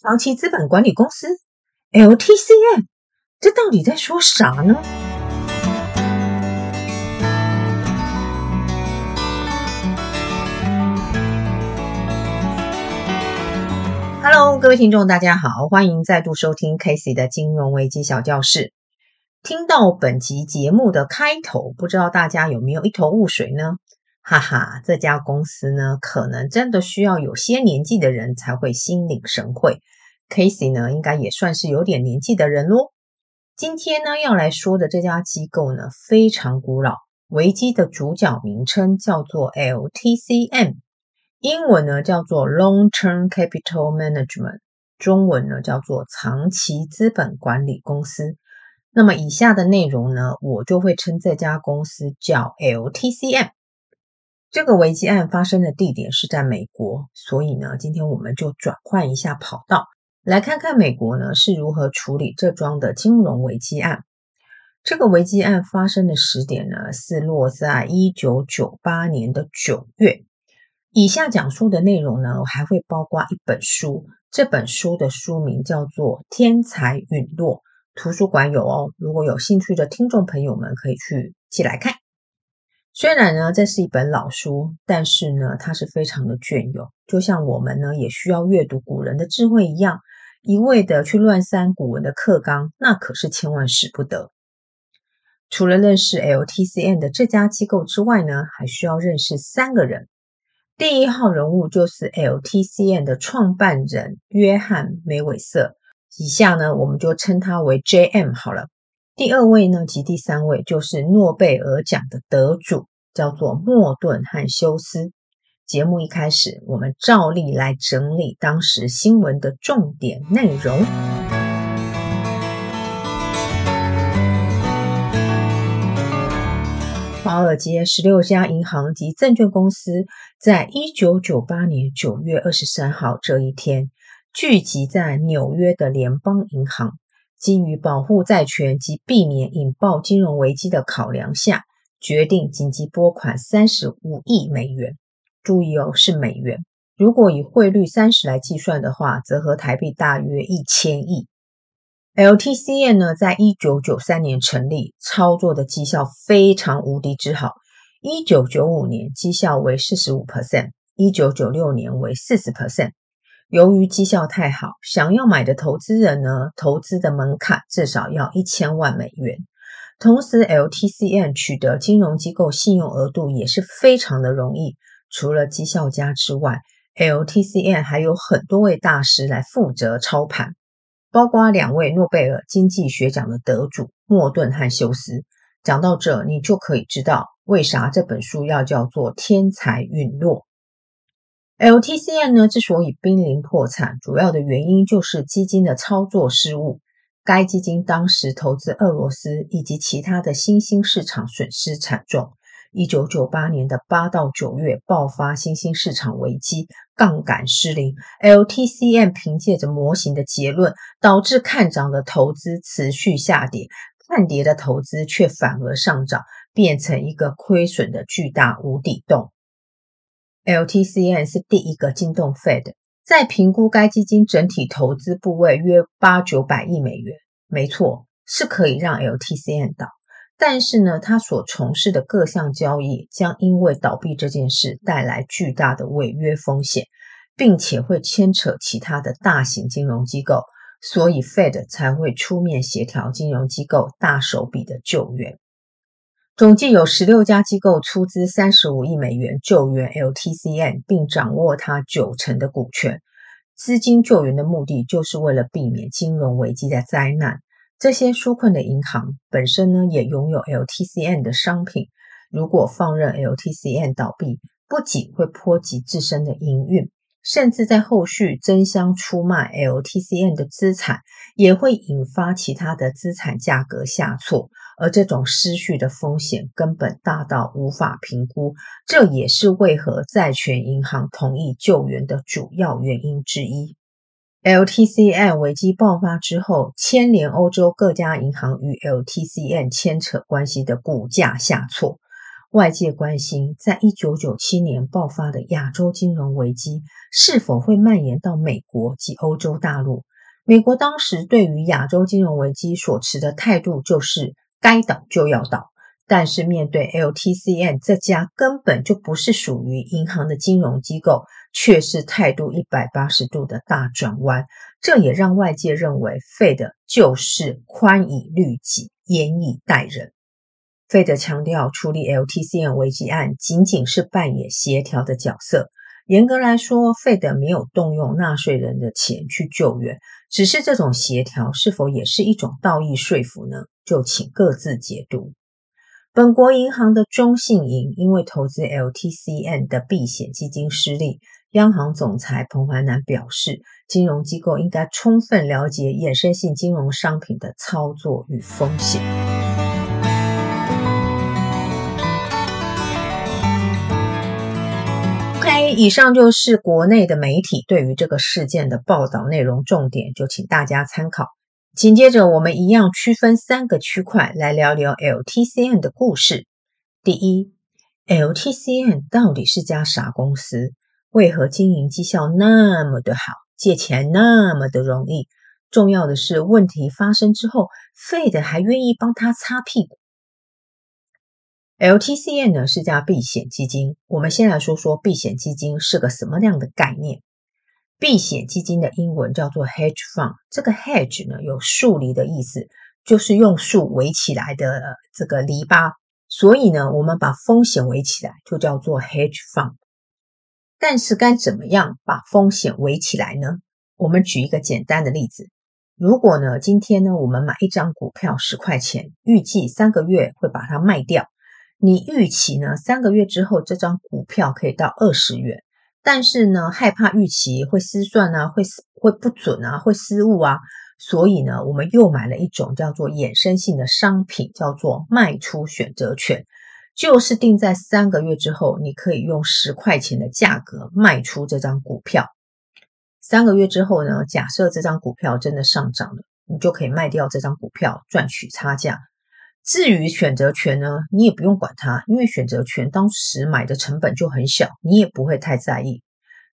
長期資本管理公司 （LTCM），這到底在說啥呢？Hello，各位聽眾，大家好，歡迎再度收聽 Casey 的金融危機小教室。聽到本集節目的開頭，不知道大家有沒有一頭霧水呢？哈哈，這家公司呢，可能真的需要有些年紀的人才會心領神會。Casey 呢，應該也算是有點年紀的人嘍。今天呢，要來說的這家機構呢，非常古老。危機的主角名稱叫做 LTCM，英文呢叫做 Long Term Capital Management，中文呢叫做長期資本管理公司。那麼以下的內容呢，我就會稱這家公司叫 LTCM。這個危機案發生的地點是在美國，所以呢，今天我們就轉換一下跑道，來看看美國呢是如何處理這樁的金融危機案。這個危機案發生的時點呢，是落在一九九八年的九月。以下講述的內容呢，我還會包括一本書，這本書的書名叫做《天才隕落》，圖書館有哦。如果有興趣的聽眾朋友們，可以去借來看。雖然呢，這是一本老書，但是呢，它是非常的雋永。就像我們呢，也需要閱讀古人的智慧一樣，一味的去亂刪古文的課綱，那可是千萬使不得。除了認識 LTCM 的這家機構之外呢，還需要認識三個人。第一號人物就是 LTCM 的創辦人約翰梅韋瑟，以下呢，我們就稱他為 J.M. 好了。第二位呢，及第三位就是諾貝爾獎的得主，叫做莫頓和修斯。節目一開始，我們照例來整理當時新聞的重點內容。華爾街十六家銀行及證券公司在一九九八年九月二十三號這一天，聚集在紐約的聯邦銀行。基於保護債權及避免引爆金融危機的考量下，決定緊急撥款三十五億美元。注意哦，是美元。如果以匯率三十來計算的話，折合台幣大約一千億。LTCM 呢，在一九九三年成立，操作的績效非常無敵之好。一九九五年績效為四十五 percent，一九九六年為四十 percent。由於績效太好，想要買的投資人呢，投資的門檻至少要一千萬美元。同時，LTCM 取得金融機構信用額度也是非常的容易。除了績效佳之外，LTCM 還有很多位大師來負責操盤，包括兩位諾貝爾經濟學獎的得主莫頓和休斯。講到這，你就可以知道為啥這本書要叫做《天才隕落》。LTCM 呢，之所以瀕臨破產，主要的原因就是基金的操作失誤。該基金當時投資俄羅斯以及其他的新興市場，損失慘重。一九九八年的八到九月爆發新興市場危機，槓桿失靈。LTCM 憑借着模型的結論，導致看漲的投資持續下跌，看跌的投資卻反而上漲，變成一個虧損的巨大無底洞。LTCM 是第一個驚動 Fed，在評估該基金整體投資部位約八九百億美元。沒錯，是可以讓 LTCM 倒，但是呢，他所從事的各項交易將因為倒閉這件事帶來巨大的違約風險，並且會牽扯其他的大型金融機構，所以 Fed 才會出面協調金融機構大手筆的救援。總計有十六家機構出資三十五億美元救援 LTCM 並掌握它九成的股權。資金救援的目的就是為了避免金融危機的災難。這些紓困的銀行本身呢，也擁有 LTCM 的商品。如果放任 LTCM 倒閉，不僅會波及自身的營運，甚至在後續爭相出賣 LTCM 的資產，也會引發其他的資產價格下挫。而這種失序的風險根本大到無法評估，這也是為何債權銀行同意救援的主要原因之一。LTCM 危機爆發之後，牽連歐洲各家銀行與 LTCM 牽扯關係的股價下挫，外界關心在一九九七年爆發的亞洲金融危機是否會蔓延到美國及歐洲大陸。美國當時對於亞洲金融危機所持的態度就是。該倒就要倒，但是面對 LTCM 這家根本就不是屬於銀行的金融機構，卻是態度一百八十度的大轉彎。這也讓外界認為費德就是寬以律己，嚴以待人。費德強調，處理 LTCM 危機案僅僅是扮演協調的角色。嚴格來說，Fed 沒有動用納稅人的錢去救援，只是這種協調是否也是一種道義說服呢？就請各自解讀。本國銀行的中信銀因為投資 LTCM 的避險基金失利，央行總裁彭淮南表示，金融機構應該充分了解衍生性金融商品的操作與風險。以上就是國內的媒體對於這個事件的報道內容重點，就請大家參考。緊接着，我們一樣區分三個區塊來聊聊 LTCM 的故事。第一，LTCM 到底是家啥公司？為何經營績效那麼的好，借錢那麼的容易？重要的是，問題發生之後，FED 還願意幫他擦屁股。LTCM 呢是家避險基金。我們先來說說避險基金是個什麼樣的概念。避險基金的英文叫做 hedge fund。這個 hedge 呢有樹籬的意思，就是用樹圍起來的這個籬笆。所以呢，我們把風險圍起來就叫做 hedge fund。但是該怎麼樣把風險圍起來呢？我們舉一個簡單的例子：如果呢今天呢我們買一張股票十塊錢，預計三個月會把它賣掉。你預期呢，三個月之後這張股票可以到二十元，但是呢，害怕預期會失算啊，會會不準啊，會失誤啊，所以呢，我們又買了一種叫做衍生性的商品，叫做賣出選擇權，就是定在三個月之後，你可以用十塊錢的價格賣出這張股票。三個月之後呢，假設這張股票真的上漲了，你就可以賣掉這張股票，賺取差價。至於選擇權呢，你也不用管它，因為選擇權當時買的成本就很小，你也不會太在意。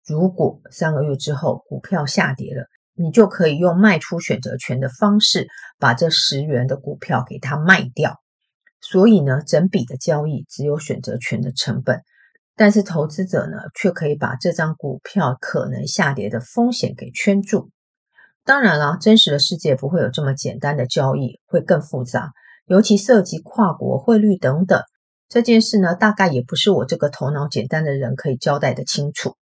如果三個月之後股票下跌了，你就可以用賣出選擇權的方式把這十元的股票給它賣掉。所以呢，整筆的交易只有選擇權的成本，但是投資者呢，卻可以把這張股票可能下跌的風險給圈住。當然啦，真實的世界不會有這麼簡單的交易，會更複雜。尤其涉及跨國匯率等等這件事呢，大概也不是我這個頭腦簡單的人可以交代得清楚。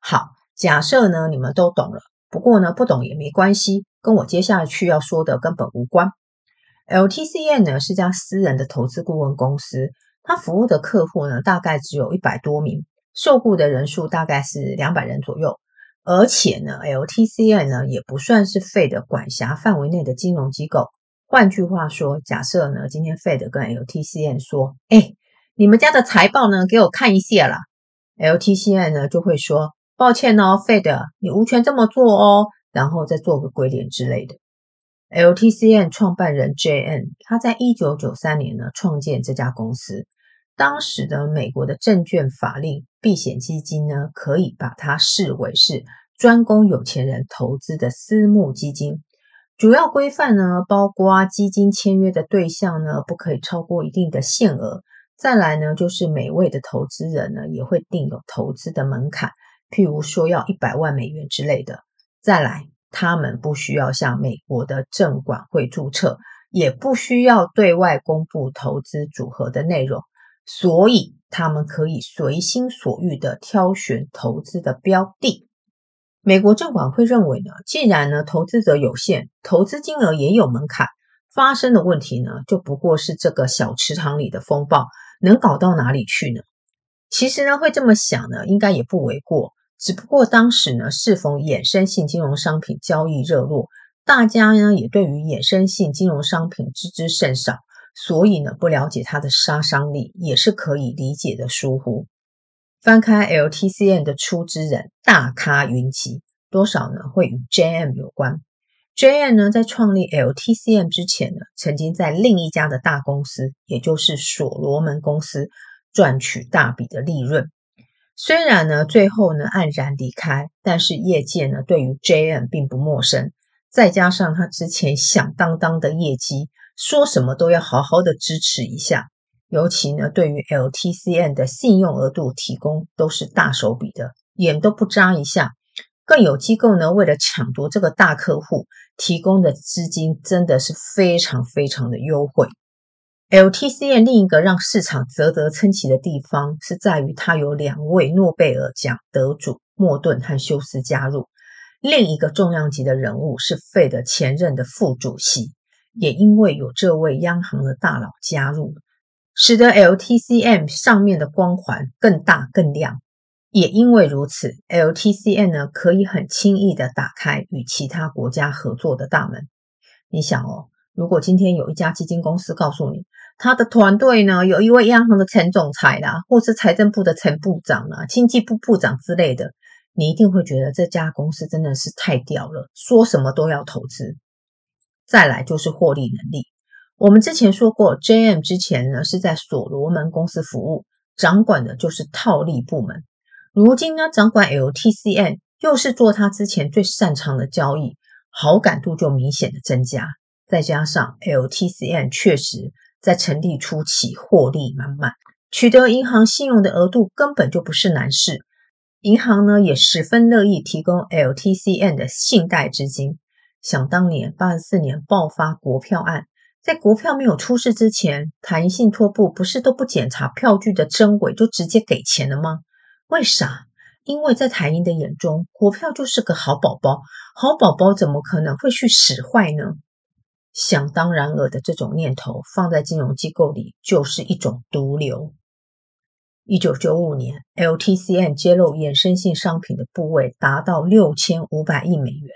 好，假設呢，你們都懂了，不過呢，不懂也沒關係，跟我接下去要說的根本無關。LTCM 呢是家私人的投資顧問公司，它服務的客戶呢大概只有一百多名，受僱的人數大概是兩百人左右，而且呢，LTCM 呢也不算是 FED 的管轄範圍內的金融機構。換句話說，假設呢，今天 Fed 跟 LTCM 說：“哎、欸，你們家的財報呢，給我看一下啦，LTCM 呢就會說：“抱歉哦，Fed，你無權這麼做哦。”然後再做個鬼臉之類的。LTCM 創辦人 JM 他在一九九三年呢創建這家公司，當時的美國的證券法令，避險基金呢可以把它視為是專供有錢人投資的私募基金。主要規範呢，包括基金簽約的對象呢，不可以超過一定的限額。再來呢，就是每位的投資人呢，也會訂有投資的門檻，譬如說要一百萬美元之類的。再來，他們不需要向美國的證管會註冊，也不需要對外公布投資組合的內容，所以他們可以隨心所欲地挑選投資的標的。美國證管會認為呢，既然呢投資者有限，投資金額也有門檻，發生的問題呢，就不過是這個小池塘裡的風暴，能搞到哪裡去呢？其實呢，會這麼想呢，應該也不為過。只不過當時呢，適逢衍生性金融商品交易熱絡，大家呢也對於衍生性金融商品知之甚少，所以呢不了解它的殺傷力，也是可以理解的疏忽。翻開 LTCM 的出資人，大咖雲集，多少呢？會與 JM 有關。JM 呢，在創立 LTCM 之前呢，曾經在另一家的大公司，也就是所羅門公司賺取大筆的利潤。雖然呢，最後呢黯然離開，但是業界呢對於 JM 並不陌生。再加上他之前響當當的業績，說什麼都要好好的支持一下。尤其呢，對於 LTCM 的信用額度提供都是大手筆的，眼都不眨一下。更有機構呢，為了搶奪這個大客戶提供的資金，真的是非常非常的優惠。LTCM 另一個讓市場嘖嘖稱奇的地方，是在於它有兩位諾貝爾獎得主莫頓和休斯加入，另一個重量級的人物是 FED 前任的副主席。也因為有這位央行的大佬加入。使得 LTCM 上面的光環更大更亮，也因為如此，LTCM 呢可以很輕易的打開與其他國家合作的大門。你想哦，如果今天有一家基金公司告訴你，他的團隊呢有一位央行的前總裁啦，或是財政部的前部長啊，經濟部部長之類的，你一定會覺得這家公司真的是太屌了，說什麼都要投資。再來就是獲利能力。我們之前說過，J.M. 之前呢是在所羅門公司服務，掌管的就是套利部門。如今呢，掌管 LTCM 又是做他之前最擅長的交易，好感度就明顯的增加。再加上 LTCM 確實在成立初期獲利滿滿，取得銀行信用的額度根本就不是難事，銀行呢也十分樂意提供 LTCM 的信貸資金。想當年八四年爆發國票案。在國票沒有出事之前，台銀信託部不是都不檢查票據的真偽就直接給錢了嗎？為啥？因為在台銀的眼中，國票就是個好寶寶，好寶寶怎麼可能會去使壞呢？想當然爾的這種念頭，放在金融機構裡就是一種毒瘤。一九九五年 LTCM 揭露衍生性商品的部位達到六千五百億美元。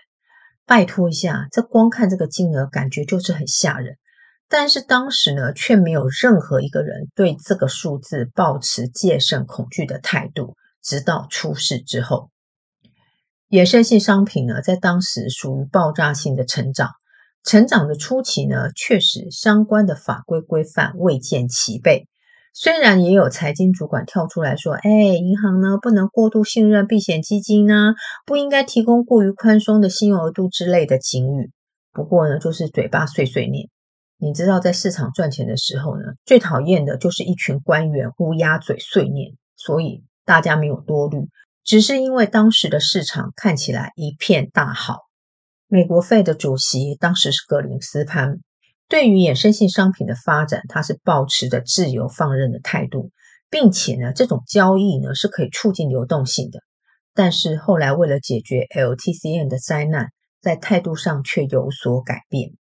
拜託一下，這光看這個金額，感覺就是很嚇人。但是當時呢，卻沒有任何一個人對這個數字抱持戒慎恐懼的態度。直到出事之後，衍生性商品呢，在當時屬於爆炸性的成長。成長的初期呢，確實相關的法規規範未見齊備。雖然也有財經主管跳出來說：“哎，銀行呢，不能過度信任避險基金呢、啊，不應該提供過於寬鬆的信用額度之類的警語。”不過呢，就是嘴巴碎碎念。你知道，在市場賺錢的時候呢，最討厭的就是一群官員烏鴉嘴碎念，所以大家沒有多慮，只是因為當時的市場看起來一片大好。美國 Fed 的主席當時是格林斯潘，對於衍生性商品的發展，他是抱持着自由放任的態度，並且呢，這種交易呢是可以促進流動性的。但是後來為了解決 LTCM 的災難，在態度上卻有所改變。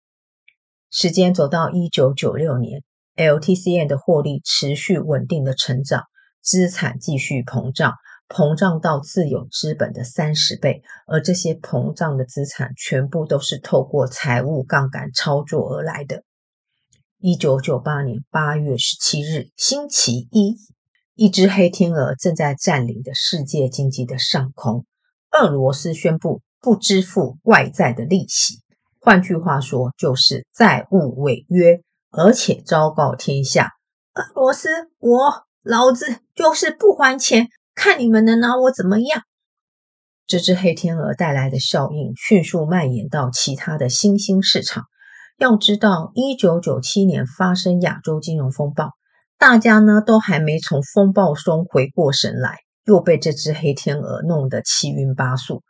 時間走到一九九六年 LTCM 的獲利持續穩定的成長，資產繼續膨脹，膨脹到自有資本的三十倍。而這些膨脹的資產，全部都是透過財務槓桿操作而來的。一九九八年八月十七日，星期一，一隻黑天鵝正在佔領的世界經濟的上空。俄羅斯宣布不支付外債的利息。換句話說，就是債務違約，而且昭告天下：俄羅斯，我老子就是不還錢，看你們能拿我怎麼樣！這隻黑天鵝帶來的效應迅速蔓延到其他的新興市場。要知道，一九九七年發生亞洲金融風暴，大家呢都還沒從風暴中回過神來，又被這隻黑天鵝弄得七暈八素。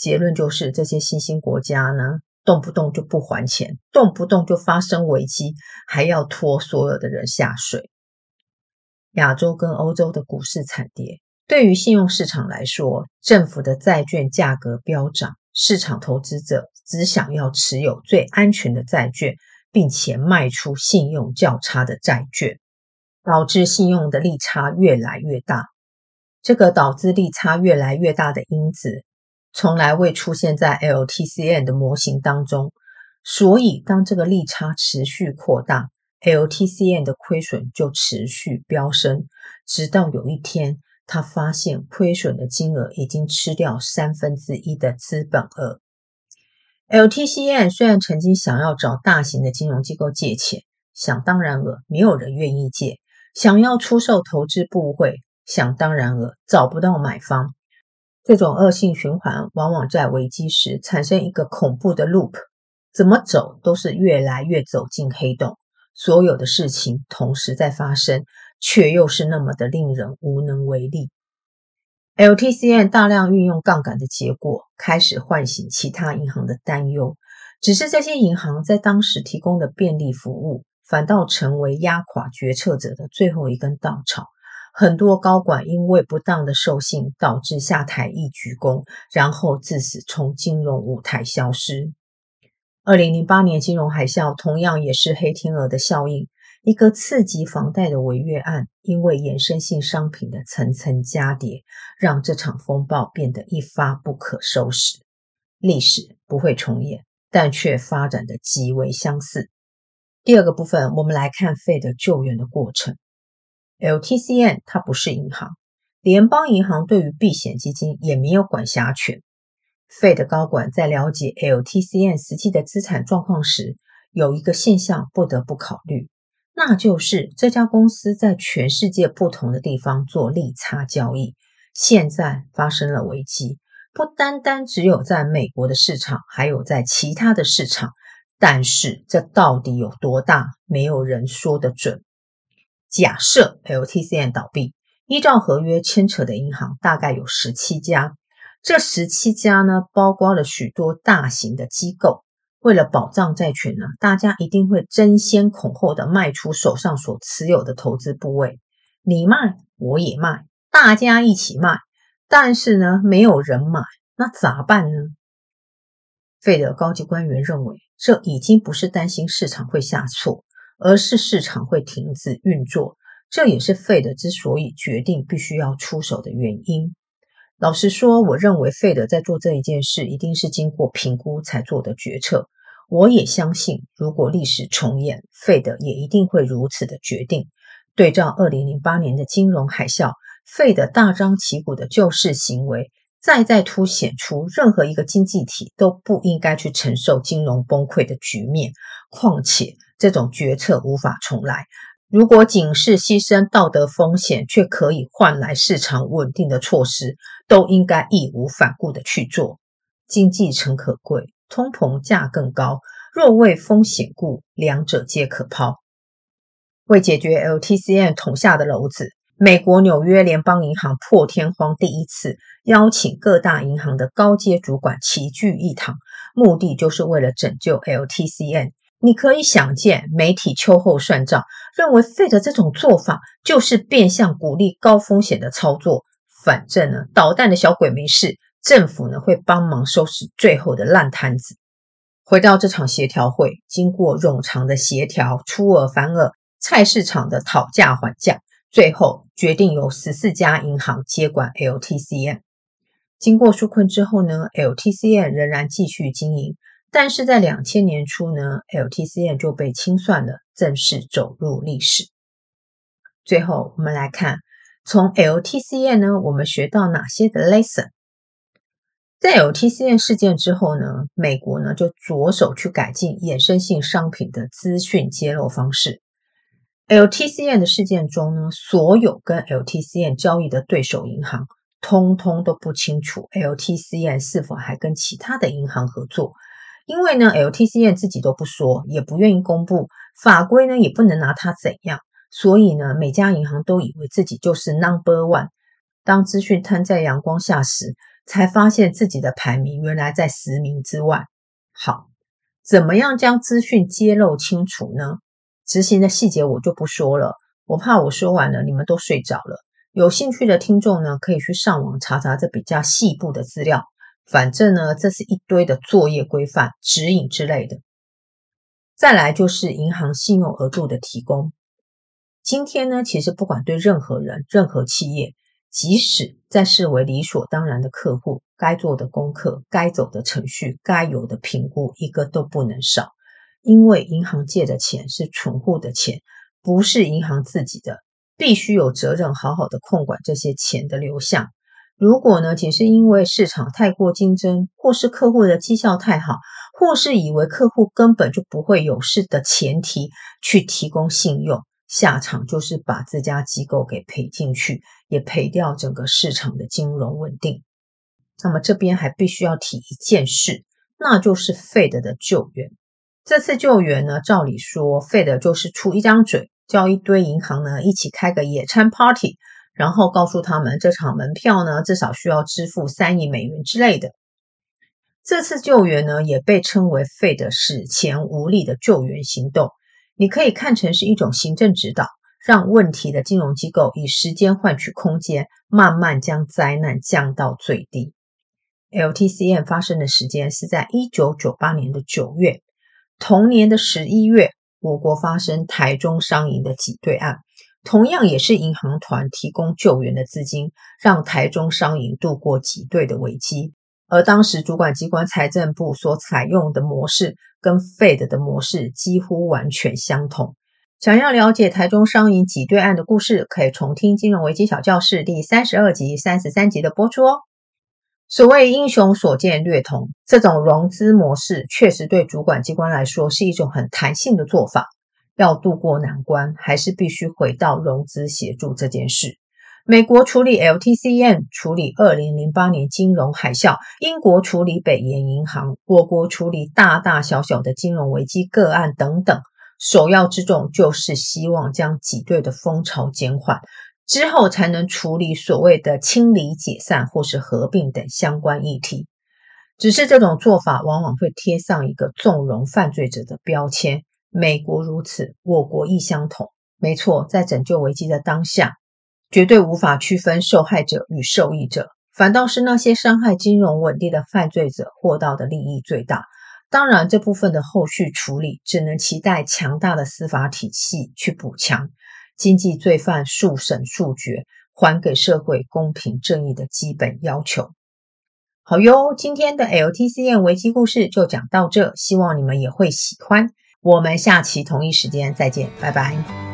結論就是，這些新興國家呢。動不動就不還錢，動不動就發生危機，還要拖所有的人下水。亞洲跟歐洲的股市慘跌，對於信用市場來說，政府的債券價格飆漲，市場投資者只想要持有最安全的債券，並且賣出信用較差的債券，導致信用的利差越來越大。這個導致利差越來越大的因子，從來未出現在 LTCM 的模型當中，所以當這個利差持續擴大，LTCM 的虧損就持續飆升，直到有一天，他發現虧損的金額已經吃掉三分之一的資本額。LTCM 雖然曾經想要找大型的金融機構借錢，想當然耳，沒有人願意借；想要出售投資部位，想當然耳，找不到買方。這種惡性循環往往在危機時產生一個恐怖的 loop，怎麼走都是越來越走進黑洞。所有的事情同時在發生，卻又是那麼的令人無能為力。LTCM 大量運用槓桿的結果，開始喚醒其他銀行的擔憂。只是這些銀行在當時提供的便利服務，反倒成為壓垮決策者的最後一根稻草。很多高管因為不當的授信導致下台一鞠躬，然後自此從金融舞台消失。二零零八年金融海嘯同樣也是黑天鵝的效應，一個次級房貸的違約案，因為衍生性商品的層層加疊，讓這場風暴變得一發不可收拾。歷史不會重演，但卻發展的極為相似。第二個部分，我們來看 FED 救援的過程。LTCM 它不是銀行，聯邦銀行對於避險基金也沒有管轄權。FED 高管在了解 LTCM 實際的資產狀況時，有一個現象不得不考慮，那就是這家公司在全世界不同的地方做利差交易。現在發生了危機，不單單只有在美國的市場，還有在其他的市場。但是這到底有多大，沒有人說得準。假設 LTCM 倒閉，依照合約牽扯的銀行大概有十七家，這十七家呢，包括了許多大型的機構。為了保障債權呢，大家一定會爭先恐後的賣出手上所持有的投資部位，你賣我也賣，大家一起賣，但是呢，沒有人買，那咋辦呢？費德高級官員認為，這已經不是擔心市場會下挫。而是市場會停止運作，這也是 Fed 之所以決定必須要出手的原因。老實說，我認為 Fed 在做這一件事，一定是經過評估才做的決策。我也相信，如果歷史重演，Fed 也一定會如此的決定。對照二零零八年的金融海嘯，Fed 大張旗鼓的救市行為，再再凸顯出任何一個經濟體都不應該去承受金融崩潰的局面。況且。這種決策無法重來。如果僅是犧牲道德風險卻可以換來市場穩定的措施，都應該義無反顧的去做。經濟誠可貴，通膨價更高。若為風險故，兩者皆可拋。為解決 LTCM 捅下的簍子，美國紐約聯邦銀行破天荒第一次邀請各大銀行的高階主管齊聚一堂，目的就是為了拯救 LTCM。你可以想見，媒體秋後算賬，認為 FED 這種做法就是變相鼓勵高風險的操作。反正呢，搗蛋的小鬼沒事，政府呢會幫忙收拾最後的爛攤子。回到這場協調會，經過冗長的協調，出爾反爾，菜市場的討價還價，最後決定由十四家銀行接管 LTCM。經過紓困之後呢，LTCM 仍然繼續經營。但是在兩千年初呢，LTCM 就被清算了，正式走入歷史。最後，我們來看從 LTCM 呢，我們學到哪些的 lesson？在 LTCM 事件之後呢，美國呢就着手去改進衍生性商品的資訊揭露方式。LTCM 的事件中呢，所有跟 LTCM 交易的對手銀行，通通都不清楚 LTCM 是否還跟其他的銀行合作。因為呢，LTCM 自己都不說，也不願意公布，法規呢，也不能拿它怎樣，所以呢，每家銀行都以為自己就是 number one。當資訊攤在陽光下時，才發現自己的排名原來在十名之外。好，怎麼樣將資訊揭露清楚呢？執行的細節我就不說了，我怕我說完了你們都睡着了。有興趣的聽眾呢，可以去上網查查這比較細部的資料。反正呢，這是一堆的作業規範、指引之類的。再來就是銀行信用額度的提供。今天呢，其實不管對任何人、任何企業，即使在視為理所當然的客戶，該做的功課、該走的程序、該有的評估，一個都不能少。因為銀行借的錢是存戶的錢，不是銀行自己的，必須有責任好好的控管這些錢的流向。如果呢，只是因為市場太過競爭，或是客戶的績效太好，或是以為客戶根本就不會有事的前提去提供信用，下場就是把自家機構給賠進去，也賠掉整個市場的金融穩定。那麼這邊還必須要提一件事，那就是 FED 的救援。這次救援呢，照理說 FED 就是出一張嘴，叫一堆銀行呢一起開個野餐 party。然後告訴他們，這場門票呢，至少需要支付三億美元之類的。這次救援呢，也被稱為 “FED 史無前例”的救援行動，你可以看成是一種行政指導，讓問題的金融機構以時間換取空間，慢慢將災難降到最低。LTCM 發生的時間是在一九九八年的九月，同年的十一月，我國發生台中商銀的擠兌案。同樣也是銀行團提供救援的資金，讓台中商銀度過擠兌的危機。而當時主管機關財政部所採用的模式，跟 Fed 的模式幾乎完全相同。想要了解台中商銀擠兌案的故事，可以重聽金融危機小教室第三十二集、三十三集的播出哦。所謂英雄所見略同，這種融資模式確實對主管機關來說是一種很彈性的做法。要渡過難關，還是必須回到融資協助這件事。美國處理 LTCM，處理二零零八年金融海嘯；英國處理北岩銀行；我國，國處理大大小小的金融危機個案等等。首要之重就是希望將擠兌的風潮減緩，之後才能處理所謂的清理、解散或是合併等相關議題。只是這種做法往往會貼上一個縱容犯罪者的標籤。美國如此，我國亦相同。沒錯，在拯救危機的當下，絕對無法區分受害者與受益者，反倒是那些傷害金融穩定的犯罪者獲到的利益最大。當然，這部分的後續處理只能期待強大的司法體系去補強，經濟罪犯速審速決，還給社會公平正義的基本要求。好喲，今天的 LTCM 危機故事就講到這，希望你們也會喜歡。我們下期同一時間再見，拜拜。